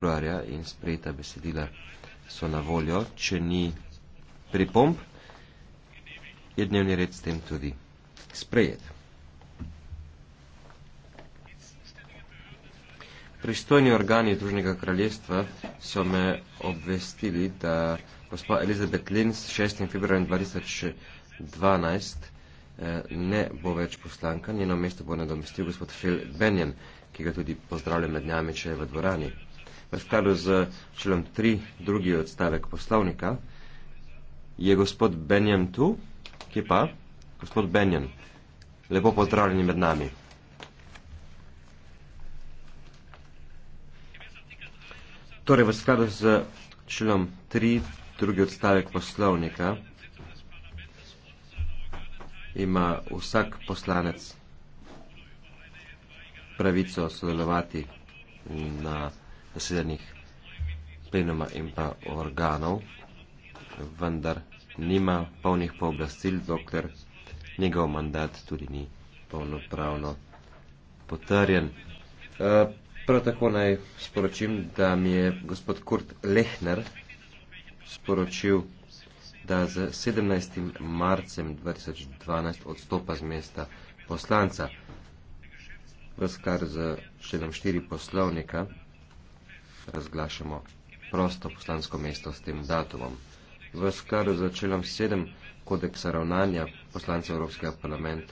februarja in sprejeta besedila so na voljo. Če ni pripomb, je dnevni red s tem tudi sprejet. Pristojni organi Združenega kraljestva so me obvestili, da gospa Elizabeth Lins 6. februarja 2012 ne bo več poslanka, njeno mesto bo nadomestil gospod Phil Benjen, ki ga tudi pozdravljam med njami, če je v dvorani v skladu z člom 3, drugi odstavek poslovnika, je gospod Benjam tu, ki pa, gospod Benjam, lepo pozdravljeni med nami. Torej, v skladu z člom 3, drugi odstavek poslovnika, ima vsak poslanec pravico sodelovati na zasedenih plenoma in pa organov, vendar nima polnih pooblastil, dokler njegov mandat tudi ni polnopravno potrjen. E, prav tako naj sporočim, da mi je gospod Kurt Lehner sporočil, da z 17. marcem 2012 odstopa z mesta poslanca v skar z 74 poslovnika razglašamo prosto poslansko mesto s tem datumom. V skladu z začelom 7 kodeksa ravnanja poslancev Evropskega parlamenta.